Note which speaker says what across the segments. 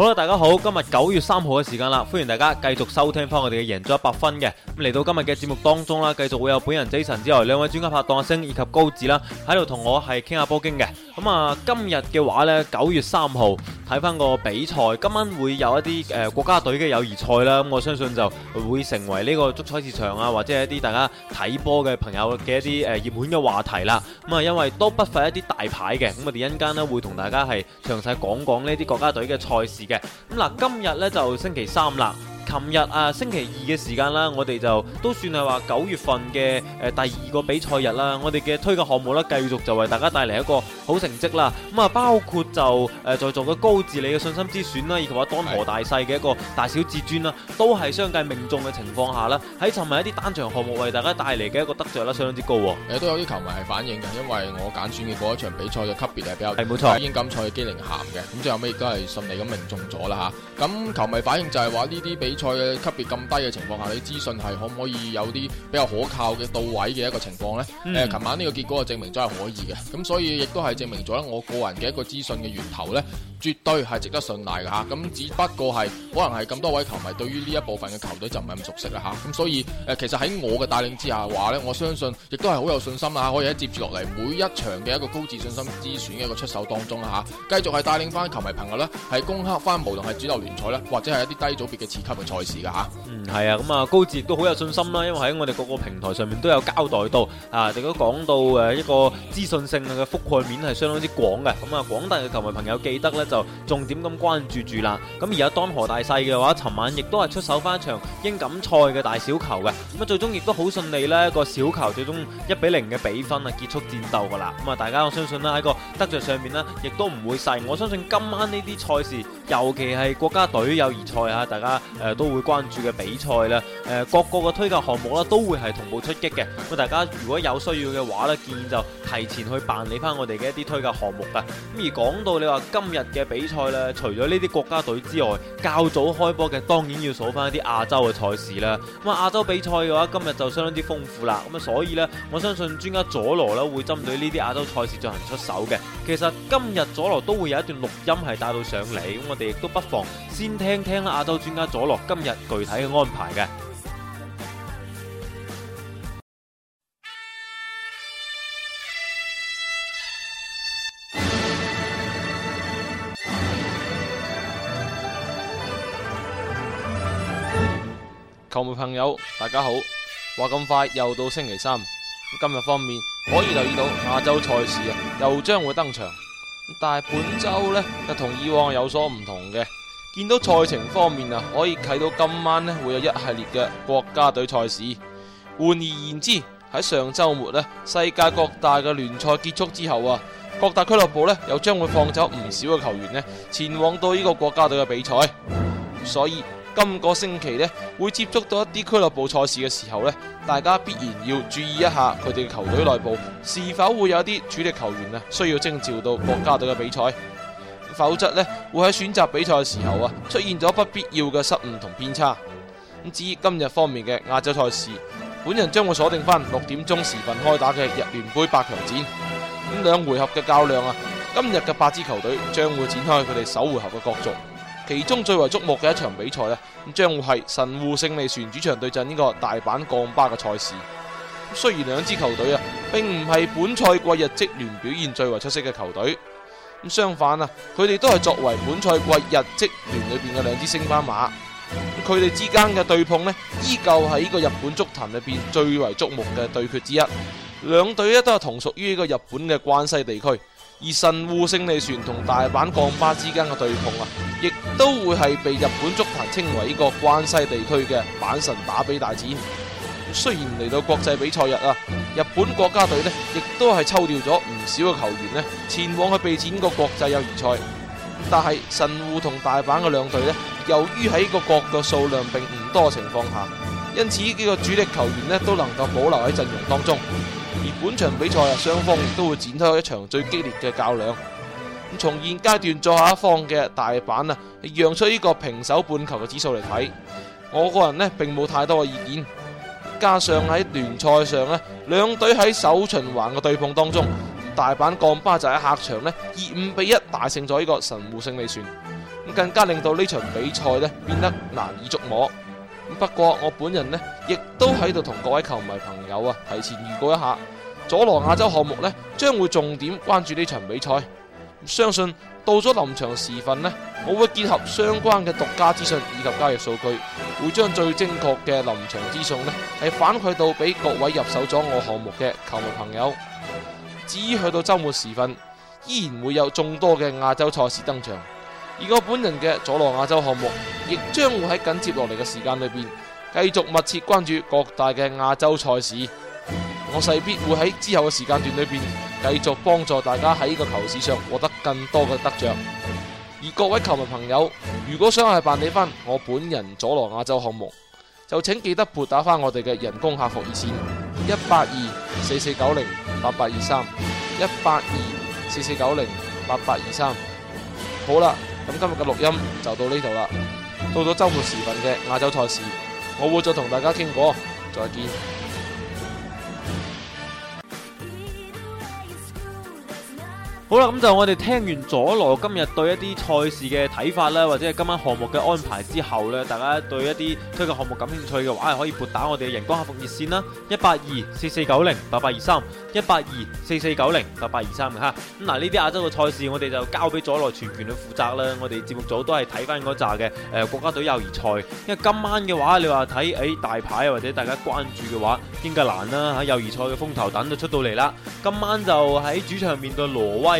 Speaker 1: 好啦，大家好，今日九月三號嘅時間啦，歡迎大家繼續收聽翻我哋嘅贏足一百分嘅。咁嚟到今日嘅節目當中啦，繼續會有本人 Jason 之外，兩位專家拍檔阿星以及高子啦，喺度同我係傾下波經嘅。咁啊，今日嘅話咧，九月三號睇翻個比賽，今晚會有一啲誒國家隊嘅友誼賽啦，咁我相信就會成為呢個足彩市場啊，或者係一啲大家睇波嘅朋友嘅一啲誒熱門嘅話題啦。咁啊，因為都不乏一啲大牌嘅，咁啊，我哋一間咧會同大家係詳細講講呢啲國家隊嘅賽事嘅。咁嗱，今日呢，就星期三啦。琴日啊，星期二嘅時間啦，我哋就都算係話九月份嘅誒第二個比賽日啦。我哋嘅推介項目咧，繼續就為大家帶嚟一個好成績啦。咁啊，包括就誒在做嘅高智理嘅信心之選啦，以及話當何大細嘅一個大小至尊啦，都係相繼命中嘅情況下啦，喺尋日一啲單場項目為大家帶嚟嘅一個得著啦，相當之高喎。
Speaker 2: 也都有啲球迷係反應嘅，因為我揀選嘅嗰一場比賽嘅級別係比較係冇錯，英錦賽嘅機靈鹹嘅，咁最後尾都係順利咁命中咗啦吓，咁球迷反應就係話呢啲比賽賽嘅級別咁低嘅情況下，你資訊係可唔可以有啲比較可靠嘅到位嘅一個情況咧？誒、嗯，呃，琴晚呢個結果就證明真係可以嘅，咁所以亦都係證明咗我個人嘅一個資訊嘅源頭咧。絕對係值得信賴嘅嚇，咁只不過係可能係咁多位球迷對於呢一部分嘅球隊就唔係咁熟悉啦嚇，咁所以誒，其實喺我嘅帶領之下的話呢，我相信亦都係好有信心啦，可以喺接住落嚟每一場嘅一個高自信心之選嘅一個出手當中啦嚇，繼續係帶領翻球迷朋友呢，係攻克翻，無論係主流聯賽咧，或者係一啲低組別嘅次級嘅賽事嘅嚇。嗯，
Speaker 1: 係啊，咁啊高自亦都好有信心啦，因為喺我哋個個平台上面都有交代到啊，亦都講到誒，一個資訊性嘅覆蓋面係相當之廣嘅，咁啊廣大嘅球迷朋友記得呢。就重點咁關注住啦。咁而家當何大細嘅話，尋晚亦都係出手翻場英錦賽嘅大小球嘅，咁啊最終亦都好順利呢個小球最終一比零嘅比分啊結束戰鬥噶啦。咁啊大家我相信啦喺個得著上面呢，亦都唔會細。我相信今晚呢啲賽事，尤其係國家隊友誼賽啊，大家誒都會關注嘅比賽啦。誒各個嘅推介項目呢，都會係同步出擊嘅。咁大家如果有需要嘅話呢，建議就提前去辦理翻我哋嘅一啲推介項目啦。咁而講到你話今日嘅。嘅比賽咧，除咗呢啲國家隊之外，較早開波嘅當然要數翻一啲亞洲嘅賽事啦。咁啊，亞洲比賽嘅話，今日就相當之豐富啦。咁啊，所以呢，我相信專家佐羅會針對呢啲亞洲賽事進行出手嘅。其實今日佐羅都會有一段錄音係帶到上嚟，咁我哋亦都不妨先聽聽啦。亞洲專家佐羅今日具體嘅安排嘅。
Speaker 3: 球迷朋友，大家好！話咁快又到星期三，今日方面可以留意到亞洲賽事啊，又將會登場。但係本周呢，就同以往有所唔同嘅，見到賽程方面啊，可以睇到今晚呢，會有一系列嘅國家隊賽事。換而言之，喺上周末呢，世界各大嘅聯賽結束之後啊，各大俱樂部呢又將會放走唔少嘅球員呢，前往到呢個國家隊嘅比賽，所以。今個星期呢，會接觸到一啲俱樂部賽事嘅時候呢，大家必然要注意一下佢哋球隊內部是否會有一啲主力球員啊，需要征召到國家隊嘅比賽，否則呢會喺選擇比賽嘅時候啊，出現咗不必要嘅失誤同偏差。咁至於今日方面嘅亞洲賽事，本人將會鎖定返六點鐘時分開打嘅日聯杯八強戰，咁兩回合嘅較量啊，今日嘅八支球隊將會展開佢哋首回合嘅角逐。其中最為矚目嘅一場比賽啊，咁將會係神戶勝利船主場對陣呢個大阪鋼巴嘅賽事。雖然兩支球隊啊，並唔係本賽季日職聯表現最為出色嘅球隊，咁相反啊，佢哋都係作為本賽季日職聯裏邊嘅兩支升班馬。佢哋之間嘅對碰呢，依舊係呢個日本足壇裏邊最為矚目嘅對決之一。兩隊呢都係同屬於呢個日本嘅關西地區。而神戶勝利船同大阪鋼巴之間嘅對碰啊，亦都會係被日本足壇稱為呢個關西地區嘅阪神打比大戰。雖然嚟到國際比賽日啊，日本國家隊咧亦都係抽調咗唔少嘅球員咧前往去備戰呢個國際友誼賽，但係神戶同大阪嘅兩隊咧，由於喺個國腳數量並唔多嘅情況下，因此呢幾個主力球員咧都能夠保留喺陣容當中。而本場比賽啊，雙方亦都會展開一場最激烈嘅較量。咁從現階段在下一方嘅大阪啊，係讓出呢個平手半球嘅指數嚟睇，我個人呢並冇太多嘅意見。加上喺聯賽上咧，兩隊喺首循環嘅對碰當中，大阪鋼巴就喺客場咧以五比一大勝咗呢個神戶勝利船，咁更加令到呢場比賽咧變得難以捉摸。不過我本人呢，亦都喺度同各位球迷朋友啊，提前預告一下，佐羅亞洲項目呢，將會重點關注呢場比賽。相信到咗臨場時分呢，我會結合相關嘅獨家資訊以及交易數據，會將最精確嘅臨場資訊呢，係反饋到俾各位入手咗我項目嘅球迷朋友。至於去到周末時分，依然會有眾多嘅亞洲賽事登場。而我本人嘅佐羅亞洲項目，亦將會喺緊接落嚟嘅時間裏邊，繼續密切關注各大嘅亞洲賽事。我勢必會喺之後嘅時間段裏邊，繼續幫助大家喺呢個球市上獲得更多嘅得着。而各位球迷朋友，如果想係辦理翻我本人佐羅亞洲項目，就請記得撥打翻我哋嘅人工客服熱線一八二四四九零八八二三一八二四四九零八八二三。好啦。咁今日嘅錄音就到呢度喇，到咗周末時分嘅亞洲賽事，我會再同大家傾過，再
Speaker 1: 見。好啦，咁就我哋聽完佐羅今日對一啲賽事嘅睇法啦，或者係今晚項目嘅安排之後咧，大家對一啲推介項目感興趣嘅話，係可以撥打我哋嘅人工客服熱線啦，一八二四四九零八八二三，一八二四四九零八八二三吓。咁嗱，呢啲亞洲嘅賽事我哋就交俾佐羅全權去負責啦。我哋節目組都係睇翻嗰扎嘅，誒國家隊友誼賽，因為今晚嘅話，你話睇誒大牌或者大家關注嘅話，英格蘭啦，喺友誼賽嘅風頭等都出到嚟啦。今晚就喺主場面對挪威。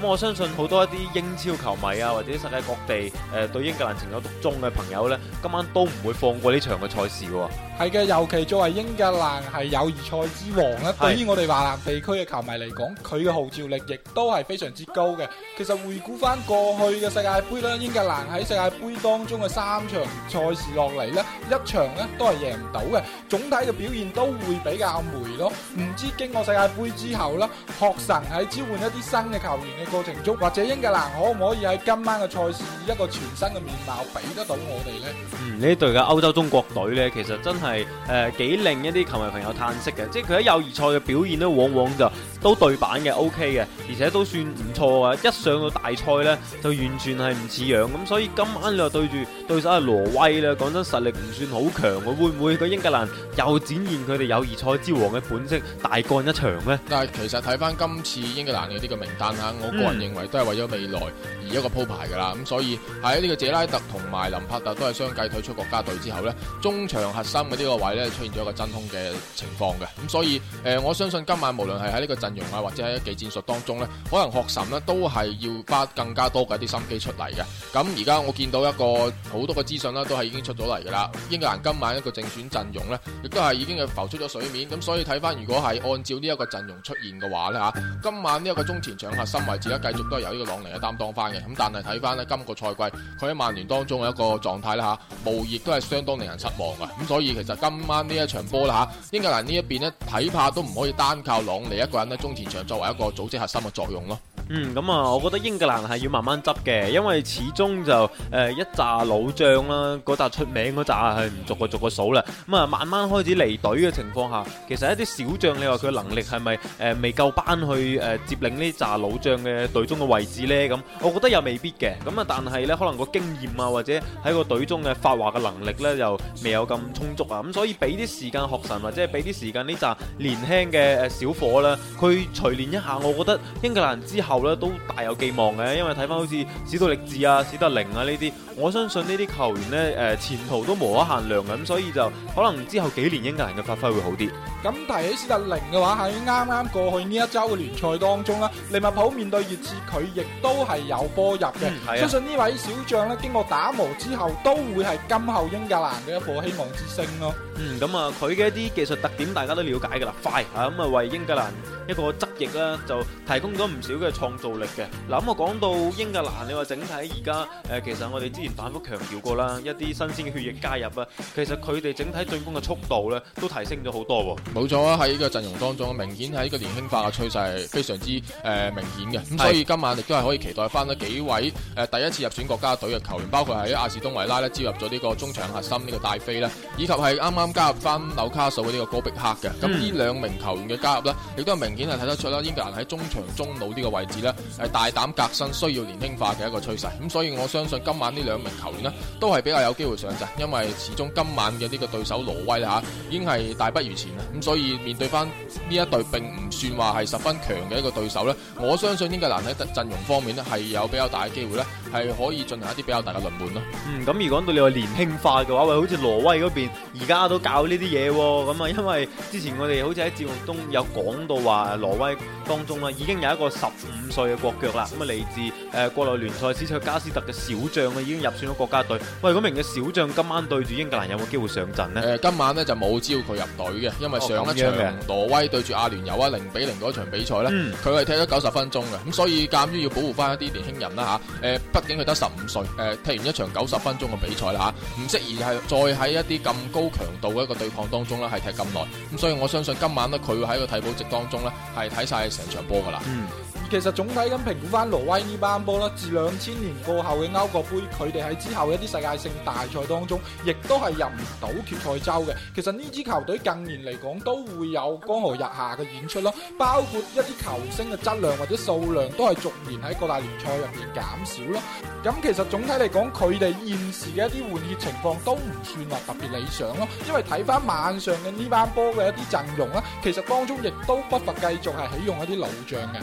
Speaker 1: 咁我相信好多一啲英超球迷啊，或者世界各地誒、呃、對英格蘭情有獨鍾嘅朋友呢，今晚都唔會放過呢場嘅賽事
Speaker 4: 係嘅、哦，尤其作為英格蘭係友誼賽之王咧，的對於我哋華南地區嘅球迷嚟講，佢嘅號召力亦都係非常之高嘅。其實回顧翻過去嘅世界杯，英格蘭喺世界杯當中嘅三場賽事落嚟，一場都係贏唔到嘅，總體嘅表現都會比較霉咯。唔知道經過世界杯之後咧，學神喺召喚一啲新嘅球員的過程中，或者英格蘭可唔可以喺今晚嘅賽事以一個全新嘅面貌俾得到我哋
Speaker 1: 咧？嗯，呢隊嘅歐洲中國隊咧，其實真係誒、呃、幾令一啲球迷朋友嘆息嘅，即係佢喺友誼賽嘅表現咧，往往就。都對版嘅，OK 嘅，而且都算唔錯啊。一上到大賽呢，就完全係唔似樣咁，所以今晚你對住對手係挪威呢，講真實，實力唔算好強嘅，會唔會對英格蘭又展現佢哋友誼賽之王嘅本色，大幹一場呢？但係其實睇翻今次英格蘭嘅
Speaker 2: 呢個名單下我個人認為都係為咗未來而一個鋪排㗎啦。咁所以喺呢個謝拉特同埋林柏特都係相繼退出國家隊之後呢，中場核心嘅呢個位呢，出現咗一個真空嘅情況嘅。咁所以、呃、我相信今晚無論係喺呢個陣容啊，或者喺技戰術當中呢，可能學神呢都係要花更加多嘅一啲心機出嚟嘅。咁而家我見到一個好多嘅資訊呢，都係已經出咗嚟噶啦。英格蘭今晚一個正選陣容呢，亦都係已經嘅浮出咗水面。咁所以睇翻，如果係按照呢一個陣容出現嘅話呢，吓，今晚呢一個中前場核心位置咧，繼續都係由呢個朗尼嘅擔當翻嘅。咁但係睇翻呢今個賽季佢喺曼聯當中嘅一個狀態咧，吓，無疑都係相當令人失望噶。咁所以其實今晚呢一場波啦，吓，英格蘭呢一邊呢，睇怕都唔可以單靠朗尼一個人咧。中前場作為一個組織核心嘅作用
Speaker 1: 咯。嗯，咁啊，我覺得英格蘭係要慢慢執嘅，因為始終就誒、呃、一紮老將啦，嗰紮出名嗰扎係唔逐個逐個數啦。咁啊，慢慢開始離隊嘅情況下，其實一啲小將，你話佢嘅能力係咪誒未夠班去誒、呃、接領呢紮老將嘅隊中嘅位置咧？咁，我覺得又未必嘅。咁啊，但係咧，可能個經驗啊，或者喺個隊中嘅發話嘅能力咧，又未有咁充足啊。咁所以俾啲時間學神，或者俾啲時間呢紮年輕嘅誒小伙啦，佢錘煉一下，我覺得英格蘭之後，咧都大有寄望嘅，因為睇翻好似史杜力治啊、史特靈啊呢啲，我相信呢啲球員咧誒前途都無可限量嘅，咁所以就可能之後幾年英格蘭嘅發揮會好啲。
Speaker 4: 咁提起史特靈嘅話，喺啱啱過去呢一周嘅聯賽當中咧，利物浦面對熱刺，佢亦都係有波入嘅。係啊，相信呢位小將咧經過打磨之後，都會係今後英格蘭嘅一顆希望之
Speaker 1: 星咯。嗯，咁啊，佢嘅一啲技術特點大家都了解噶啦，快啊，咁啊為英格蘭一個側翼咧就提供咗唔少嘅創創造力嘅嗱，咁啊講到英格蘭，你話整體而家誒，其實我哋之前反覆強調過啦，一啲新鮮嘅血液加入啊，其實佢哋整體進攻嘅速度咧都提
Speaker 2: 升咗好多。冇錯啊，喺呢個陣容當中，明顯喺呢個年輕化嘅趨勢係非常之誒、呃、明顯嘅。咁是所以今晚亦都係可以期待翻咧幾位誒第一次入選國家隊嘅球員，包括喺阿士東維拉咧招入咗呢個中場核心呢個戴飛啦，以及係啱啱加入翻紐卡素嘅呢個戈碧克嘅。咁呢兩名球員嘅加入咧，亦都係明顯係睇得出啦，英格蘭喺中場中路呢個位置，啦，係大膽革新需要年輕化嘅一個趨勢，咁所以我相信今晚呢兩名球員呢，都係比較有機會上陣，因為始終今晚嘅呢個對手挪威咧吓，啊，已經係大不如前啦，咁所以面對翻呢一隊並唔算話係十分強嘅一個對手呢，我相信英格蘭喺陣容方面呢，係有比較大嘅機會呢，係可以進行一啲比較大嘅輪換咯。
Speaker 1: 嗯，咁而講到你話年輕化嘅話，喂，好似挪威嗰邊而家都搞呢啲嘢，咁啊，因為之前我哋好似喺節目中有講到話挪威當中啦，已經有一個十五。歲嘅國腳啦，咁啊嚟自，誒國內聯賽，斯卓加斯特嘅小將啊，已經入選咗國家隊。喂，嗰名嘅小將今晚對住英格蘭有冇機會上陣咧？誒，今晚咧就冇招佢入隊
Speaker 2: 嘅，因為上一場挪、哦、威對住阿聯酋啊零比零嗰場比賽咧，佢係、嗯、踢咗九十分鐘嘅，咁所以鑑於要保護翻一啲年輕人啦吓，誒，畢竟佢得十五歲，誒，踢完一場九十分鐘嘅比賽啦吓，唔適宜係再喺一啲咁高強度嘅一個對抗當中啦，係踢咁耐。咁所以我相信今晚咧，佢會喺個替補席當中咧，係睇晒成場波噶啦。嗯。其
Speaker 4: 實總體咁評估翻挪威呢班波啦，自兩千年過後嘅歐國杯，佢哋喺之後一啲世界性大賽當中，亦都係入唔到決賽周嘅。其實呢支球隊近年嚟講都會有江河日下嘅演出咯，包括一啲球星嘅質量或者數量都係逐年喺各大聯賽入面減少咯。咁其實總體嚟講，佢哋現時嘅一啲換血情況都唔算話特別理想咯，因為睇翻晚上嘅呢班波嘅一啲陣容啦，其實當中亦都不乏繼續係起用一啲老將嘅。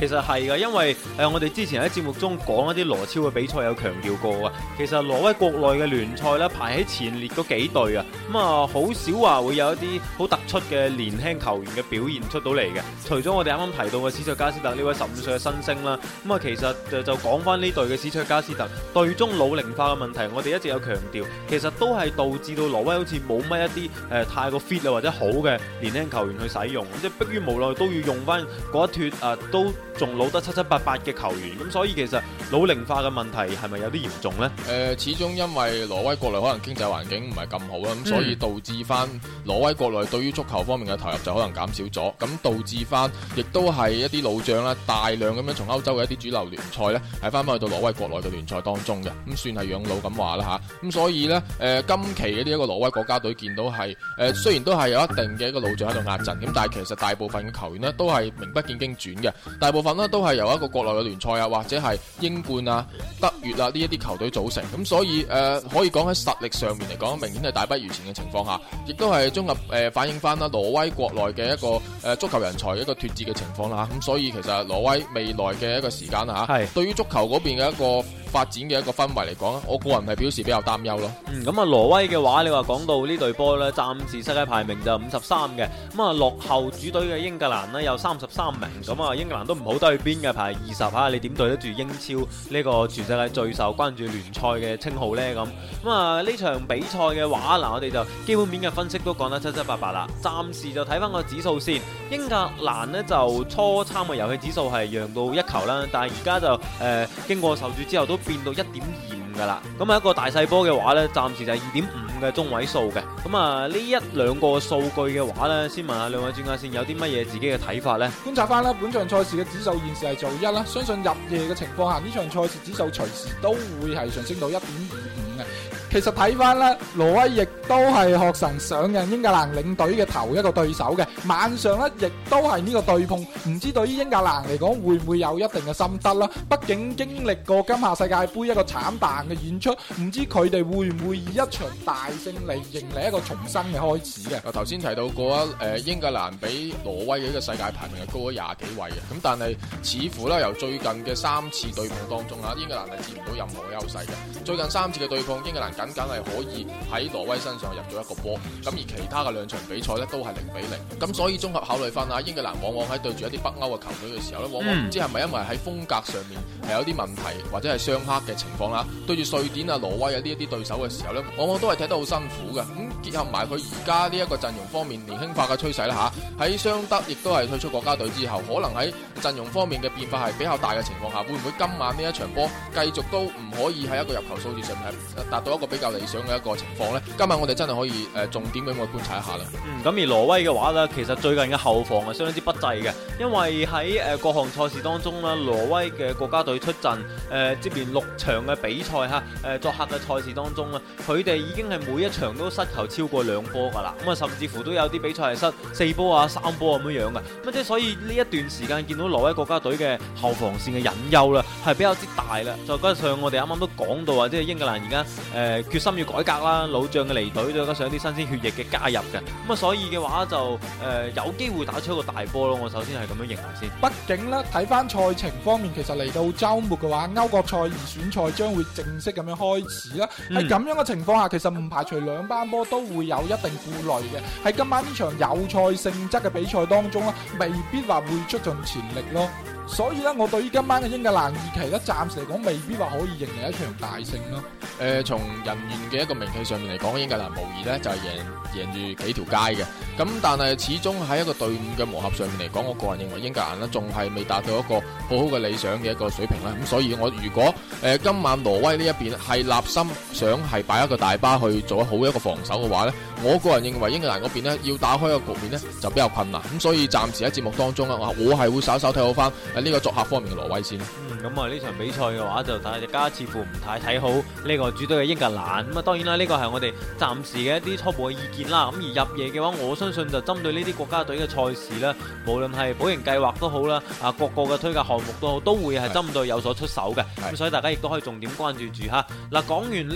Speaker 1: 其實係噶，因為誒、呃、我哋之前喺節目中講一啲羅超嘅比賽有強調過啊。其實挪威國內嘅聯賽咧排喺前列嗰幾隊啊，咁啊好少話會有一啲好突出嘅年輕球員嘅表現出到嚟嘅。除咗我哋啱啱提到嘅史卓加斯特呢位十五歲嘅新星啦，咁啊其實、呃、就就講翻呢隊嘅史卓加斯特隊中老齡化嘅問題，我哋一直有強調，其實都係導致到挪威好似冇乜一啲誒、呃、太過 fit 啊或者好嘅年輕球員去使用，即係迫於無奈都要用翻嗰一脱啊都。仲老得七七八八嘅球員，咁所以其實老齡化嘅問題係咪有啲嚴重咧？誒、呃，
Speaker 2: 始終因為挪威國內可能經濟環境唔係咁好啦，咁、嗯、所以導致翻挪威國內對於足球方面嘅投入就可能減少咗，咁導致翻亦都係一啲老將咧大量咁樣從歐洲嘅一啲主流聯賽咧，係翻返去到挪威國內嘅聯賽當中嘅，咁算係養老咁話啦吓，咁、啊、所以咧，誒、呃、今期嘅呢一個挪威國家隊見到係誒、呃、雖然都係有一定嘅一個老將喺度壓陣，咁、嗯、但係其實大部分嘅球員咧都係名不見經傳嘅，大部分。都係由一個國內嘅聯賽啊，或者係英冠啊、德乙啊呢一啲球隊組成，咁所以誒、呃、可以講喺實力上面嚟講，明顯係大不如前嘅情況下，亦都係綜合誒、呃、反映翻啦，挪威國內嘅一個誒、呃、足球人才的一個脫節嘅情況啦，咁所以其實挪威未來嘅一個時間啊，吓是，對於足球嗰邊嘅一個。發展嘅一個氛圍嚟講啊，我個
Speaker 1: 人係表示比較擔憂咯。嗯，咁啊，挪威嘅話，你話講到呢隊波呢，暫時世界排名就五十三嘅。咁啊，落後主隊嘅英格蘭呢，有三十三名。咁啊，英格蘭都唔好得去邊嘅排二十吓，你點對得住英超呢個全世界最受關注聯賽嘅稱號呢？咁咁啊，呢場比賽嘅話嗱，我哋就基本面嘅分析都講得七七八八啦。暫時就睇返個指數先，英格蘭呢，就初參嘅遊戲指數係讓到一球啦，但係而家就誒、呃、經過受注之後都。變到一點二五噶啦，咁啊一個大細波嘅話呢，暫時就係二點五嘅中位數嘅，咁啊呢一兩個數據嘅話呢，先問下兩位專家先有啲乜嘢自己嘅睇法呢？
Speaker 4: 觀察翻啦，本場賽事嘅指數現時係做一啦，相信入夜嘅情況下呢場賽事指數隨時都會係上升到一點二。其實睇翻，咧，挪威亦都係學神上任英格蘭領隊嘅頭一個對手嘅。晚上咧，亦都係呢個對碰，唔知對於英格蘭嚟講會唔會有一定嘅心得啦？畢竟經歷過今夏世界杯一個慘淡嘅演出，唔知佢哋會唔會以一場大
Speaker 2: 勝嚟迎嚟一個重新嘅開始嘅。啊，頭先提到過啊，誒、呃，英格蘭比挪威嘅呢個世界排名係高咗廿幾位嘅。咁但係似乎咧，由最近嘅三次對碰當中啊，英格蘭係佔唔到任何優勢嘅。最近三次嘅對抗，英格蘭。僅僅係可以喺挪威身上入咗一個波，咁而其他嘅兩場比賽呢都係零比零，咁所以綜合考慮返啊，英格蘭往往喺對住一啲北歐嘅球隊嘅時候呢，往往唔知係咪因為喺風格上面係有啲問題，或者係雙黑嘅情況啦，對住瑞典啊、挪威啊呢一啲對手嘅時候呢，往往都係睇得好辛苦嘅。咁結合埋佢而家呢一個陣容方面年輕化嘅趨勢啦，吓喺雙德亦都係退出國家隊之後，可能喺陣容方面嘅變化係比較大嘅情況下，會唔會今晚呢一場波繼續都唔可以喺一個入球數字上面係達到一個比較理想嘅一個情況呢，今日我哋真係可以誒重點咁去觀察一下啦。咁、
Speaker 1: 嗯、而挪威嘅話呢，其實最近嘅後防係相當之不濟嘅，因為喺誒各項賽事當中呢，挪威嘅國家隊出陣誒接連六場嘅比賽嚇誒、呃、作客嘅賽事當中呢，佢哋已經係每一場都失球超過兩波㗎啦。咁、嗯、啊，甚至乎都有啲比賽係失四波啊、三波咁樣樣嘅。咁即係所以呢一段時間見到挪威國家隊嘅後防線嘅隱憂啦，係比較之大啦。再加上我哋啱啱都講到啊，即、就、係、是、英格蘭而家誒。呃決心要改革啦，老將嘅離隊再加上一啲新鮮血液嘅加入嘅，咁啊所以嘅話就誒有機會打出一個大波咯。我首先係咁樣認為先。畢竟咧，睇翻
Speaker 4: 賽程方面，其實嚟到週末嘅話，歐國賽二選賽將會正式咁樣開始啦。喺咁樣嘅情況下，其實唔排除兩班波都會有一定顧慮嘅。喺今晚呢場友賽性質嘅比賽當中咧，未必話會出盡全力咯。所以咧，我對於今晚嘅英格蘭二期咧，暫時嚟講未必話可以迎嚟一場大勝咯。
Speaker 2: 誒、呃，從人員嘅一個名氣上面嚟講，英格蘭無疑咧就係贏贏住幾條街嘅。咁但係始終喺一個隊伍嘅磨合上面嚟講，我個人認為英格蘭呢仲係未達到一個好好嘅理想嘅一個水平咧。咁所以我如果誒、呃、今晚挪威呢一邊係立心想係擺一個大巴去做好一個防守嘅話呢，我個人認為英格蘭嗰邊呢要打開一個局面呢就比較困難。咁所以暫時喺節目當中啊，我我係會稍稍睇好翻。呢個作客方面嘅挪威先。
Speaker 1: 嗯，咁啊，呢場比賽嘅話就大家似乎唔太睇好呢個主隊嘅英格蘭。咁啊，當然啦，呢個係我哋暫時嘅一啲初步嘅意見啦。咁而入夜嘅話，我相信就針對呢啲國家隊嘅賽事咧，無論係保營計劃都好啦，啊各個嘅推介項目都好，都會係針對有所出手嘅。咁是的 所以大家亦都可以重點關注住嚇。嗱，講完呢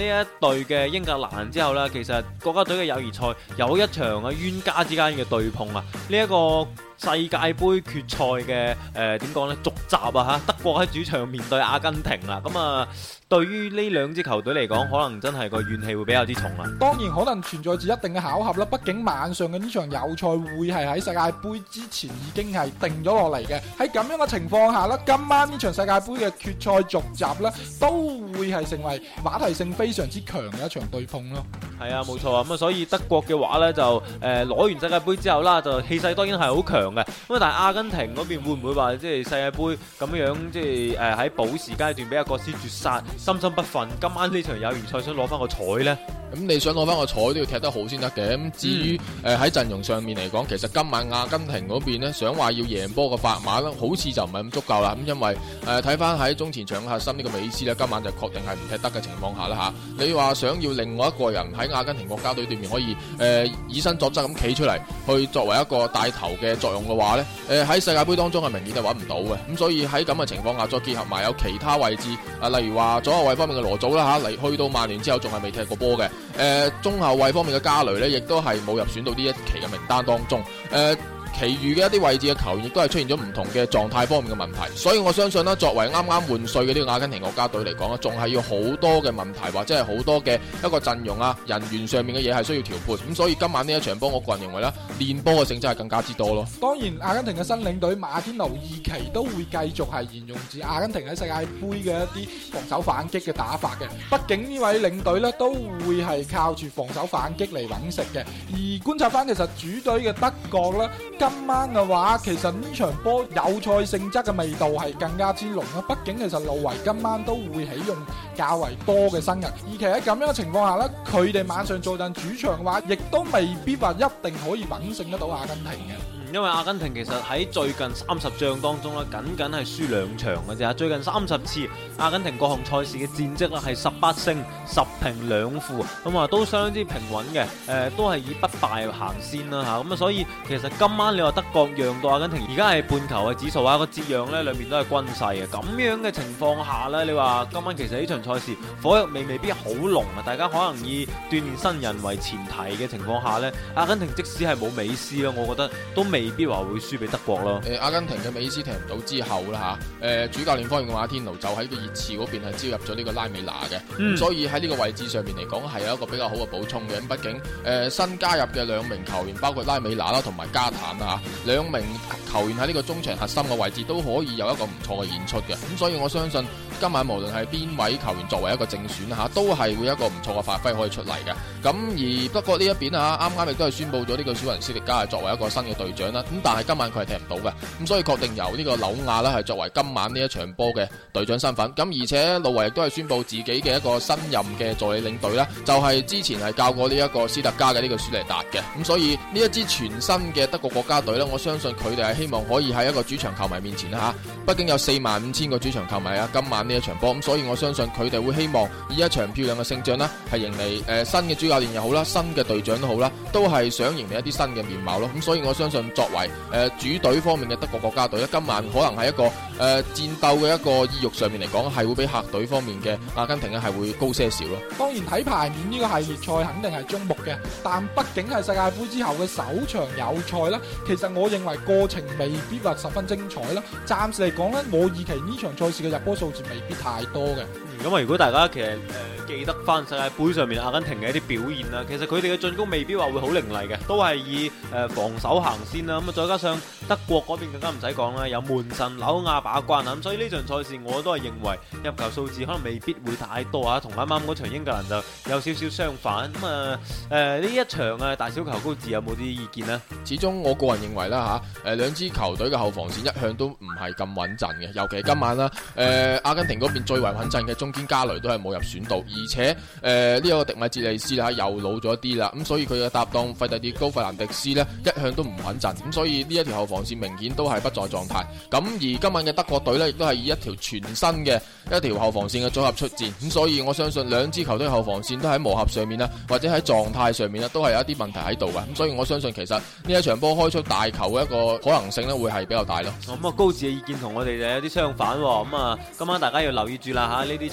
Speaker 1: 一隊嘅英格蘭之後咧，其實國家隊嘅友誼賽有一場嘅冤家之間嘅對碰啊，呢、這、一個。.世界盃決賽嘅誒點講咧？續集啊吓，德國喺主場面對阿根廷啦。咁啊，對於呢兩支球隊嚟講，可能真係個怨氣會比較之重啦。
Speaker 4: 當然可能存在住一定嘅巧合啦。畢竟晚上嘅呢場友賽會係喺世界盃之前已經係定咗落嚟嘅。喺咁樣嘅情況下咧，今晚呢場世界盃嘅決賽續集咧，都會係成為話題性非常之強嘅一場對碰咯。
Speaker 1: 係啊，冇錯啊。咁啊，所以德國嘅話咧就誒攞完世界盃之後啦，就氣勢當然係好強。咁但係阿根廷嗰邊會唔會話即係世界盃咁樣即係喺補時階段俾阿國師絕殺，心心不忿。今晚呢場友誼賽想攞翻個彩呢？咁、嗯、你想攞翻個彩都要踢得好先得嘅。咁至於誒喺、呃、陣容
Speaker 2: 上面嚟講，其實今晚阿根廷嗰邊咧想話要贏波個法馬咧，好似就唔係咁足夠啦。咁因為誒睇翻喺中前場的核心呢個美斯咧，今晚就確定係唔踢得嘅情況下啦嚇、啊。你話想要另外一個人喺阿根廷國家隊隊面可以誒、呃、以身作則咁企出嚟，去作為一個帶頭嘅作用嘅話咧，誒、呃、喺世界盃當中係明顯係揾唔到嘅。咁所以喺咁嘅情況下，再結合埋有其他位置，啊，例如話左後衛方面嘅羅祖啦吓，嚟、啊、去到曼聯之後仲係未踢過波嘅，誒、呃，中後衛方面嘅加雷咧，亦都係冇入選到呢一期嘅名單當中，誒、呃。 其餘嘅一啲位置嘅球員亦都係出現咗唔同嘅狀態方面嘅問題，所以我相信啦，作為啱啱換帥嘅呢個阿根廷國家隊嚟講啦，仲係要好多嘅問題或者係好多嘅一個陣容啊人員上面嘅嘢係需要調撥，咁所以今晚呢一場波我個人認為呢練波嘅性質係更加之多咯。
Speaker 4: 當然，阿根廷嘅新領隊馬天奴二期都會繼續係沿用住阿根廷喺世界盃嘅一啲防守反擊嘅打法嘅，畢竟呢位領隊呢都會係靠住防守反擊嚟揾食嘅。而觀察翻其實主隊嘅德國呢。今晚嘅話，其實呢場波友賽性質嘅味道係更加之濃啦。畢竟其實路維今晚都會起用較為多嘅新人，而且喺咁樣嘅情況下咧，佢哋晚上坐陣主場嘅話，亦都未必話一定可以穩勝得到阿根廷嘅。
Speaker 1: 因為阿根廷其實喺最近三十仗當中咧，僅僅係輸兩場嘅啫。最近三十次阿根廷各項賽事嘅戰績咧係十八勝十平兩負，咁啊都相當之平穩嘅。誒、呃，都係以不敗行先啦吓。咁啊，所以其實今晚你話德國讓到阿根廷，而家係半球嘅指數啊，個節讓呢，兩面都係均勢嘅。咁樣嘅情況下呢，你話今晚其實呢場賽事火藥味未必好濃啊。大家可能以鍛煉新人為前提嘅情況下呢，阿根廷即使係冇美斯啦，我覺得都未。未必話會輸俾德國咯。誒、啊，阿根廷嘅美斯踢唔到之後啦，嚇、
Speaker 2: 啊、誒、啊，主教練方面嘅馬天奴就喺個熱刺嗰邊係招入咗呢個拉美拿嘅。嗯，所以喺呢個位置上面嚟講係有一個比較好嘅補充嘅。咁、啊、畢竟誒、啊、新加入嘅兩名球員，包括拉美拿啦同埋加坦啊，嚇，兩名球員喺呢個中場核心嘅位置都可以有一個唔錯嘅演出嘅。咁、啊、所以我相信。今晚無論係邊位球員作為一個正選吓，都係會有一個唔錯嘅發揮可以出嚟嘅。咁而德國呢一邊啊，啱啱亦都係宣布咗呢個小人斯迪加係作為一個新嘅隊長啦。咁但係今晚佢係踢唔到嘅，咁所以確定由呢個紐亞呢係作為今晚呢一場波嘅隊長身份。咁而且路維亦都係宣布自己嘅一個新任嘅助理領隊啦，就係、是、之前係教過呢一個斯特加嘅呢個舒尼達嘅。咁所以呢一支全新嘅德國國家隊呢，我相信佢哋係希望可以喺一個主場球迷面前吓，畢、啊、竟有四萬五千個主場球迷啊，今晚。呢一場波咁，所以我相信佢哋會希望以一場漂亮嘅勝仗啦，係迎嚟誒新嘅主教練又好啦，新嘅隊長都好啦，都係想迎嚟一啲新嘅面貌咯。咁所以我相信，作為誒主隊方面嘅德國國家隊今晚可能係一個誒戰鬥嘅一個意欲上面嚟講，係會比客隊方面嘅阿根廷咧係會高些少咯。當
Speaker 4: 然睇排面呢個系列賽肯定係中目嘅，但畢竟係世界杯之後嘅首場有賽啦，其實我認為過程未必話十分精彩啦。暫時嚟講咧，我預期呢場賽事嘅入波數字。未必
Speaker 1: 太多嘅。咁啊，如果大家其實誒、呃、記得翻世界杯上面阿根廷嘅一啲表現啦，其實佢哋嘅進攻未必話會好凌厲嘅，都係以誒、呃、防守行先啦。咁啊，再加上德國嗰邊更加唔使講啦，有門神紐亞把關啊。咁所以呢場賽事我都係認為入球數字可能未必會太多啊。同啱啱嗰場英格蘭就有少少相反。咁啊，誒，呢一場啊，大小球高字有冇啲意見啊？
Speaker 2: 始終我個人認為啦嚇，誒，兩支球隊嘅後防線一向都唔係咁穩陣嘅，尤其今晚啦誒、呃、阿根廷嗰邊最為穩陣嘅。中堅加雷都係冇入選到，而且誒呢一個迪米哲利斯又老咗啲啦，咁所以佢嘅搭檔費特爾高費蘭迪斯呢一向都唔穩陣，咁所以呢一條後防線明顯都係不在狀態。咁而今晚嘅德國隊呢，亦都係以一條全新嘅一條後防線嘅組合出戰，咁所以我相信兩支球隊後防線都喺磨合上面呢，或者喺狀態上面呢，都係有一啲問題喺度嘅。咁所以我相信其實呢一場波開出大球嘅一個可能性呢，會係比較大咯。
Speaker 1: 咁啊、哦嗯、高智嘅意見同我哋就有啲相反、哦，咁、嗯、啊今晚大家要留意住啦吓呢啲，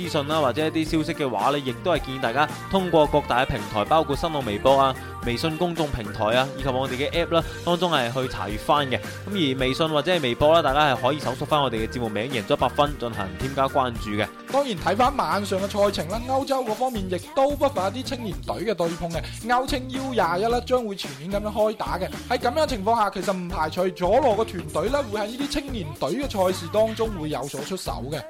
Speaker 1: 資訊啦，或者一啲消息嘅話咧，亦都係建議大家通過各大嘅平台，包括新浪微博啊、微信公眾平台啊，以及我哋嘅 App 啦，當中係去查閱翻嘅。咁而微信或者係微博啦，大家係可以搜索翻我哋嘅節目名贏足 100FUN，進行添加關注嘅。
Speaker 4: 當然睇翻晚上嘅賽程啦，歐洲嗰方面亦都不乏一啲青年隊嘅對碰嘅，歐青 U 廿一咧將會全面咁樣開打嘅。喺咁樣嘅情況下，其實唔排除佐羅嘅團隊咧會喺呢啲青年隊嘅賽事當中會有所出手嘅。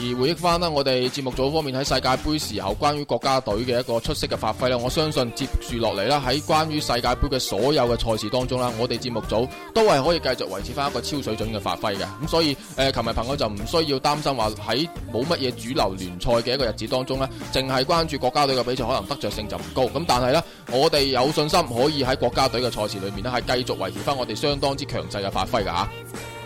Speaker 2: 而回憶翻啦，我哋節目組方面喺世界盃時候，關於國家隊嘅一個出色嘅發揮啦，我相信接住落嚟啦，喺關於世界盃嘅所有嘅賽事當中啦，我哋節目組都係可以繼續維持翻一個超水準嘅發揮嘅。咁所以，誒、呃，琴日朋友就唔需要擔心話喺冇乜嘢主流聯賽嘅一個日子當中呢，淨係關注國家隊嘅比賽，可能得着性就唔高。咁但係呢，我哋有信心可以喺國家隊嘅賽事裏面呢，係繼續
Speaker 1: 維持翻我哋相當之強勢嘅發揮㗎吓。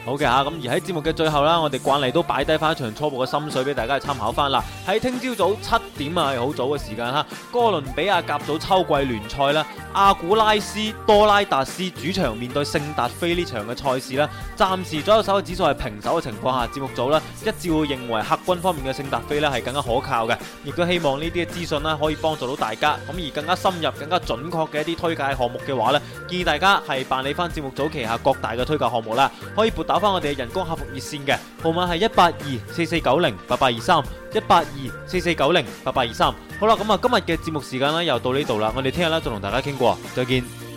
Speaker 1: 好嘅吓，咁而喺節目嘅最後啦，我哋慣例都擺低翻一場初步嘅心水俾大家參考翻啦。喺聽朝早七點啊，係好早嘅時間哈。哥倫比亞甲組秋季聯賽啦，阿古拉斯多拉達斯主場面對聖達菲呢場嘅賽事啦，暫時左右手嘅指數係平手嘅情況下，節目組呢一致會認為客軍方面嘅聖達菲呢係更加可靠嘅，亦都希望呢啲嘅資訊呢可以幫助到大家。咁而更加深入、更加準確嘅一啲推介項目嘅話呢，建議大家係辦理翻節目組旗下各大嘅推介項目啦，可以撥打返我哋嘅人工客服熱線嘅號碼係一八二四四九零八八二三一八二四四九零八八二三，好啦，咁啊今日嘅節目時間呢又到呢度啦，我哋聽日呢再同大家傾過，再見。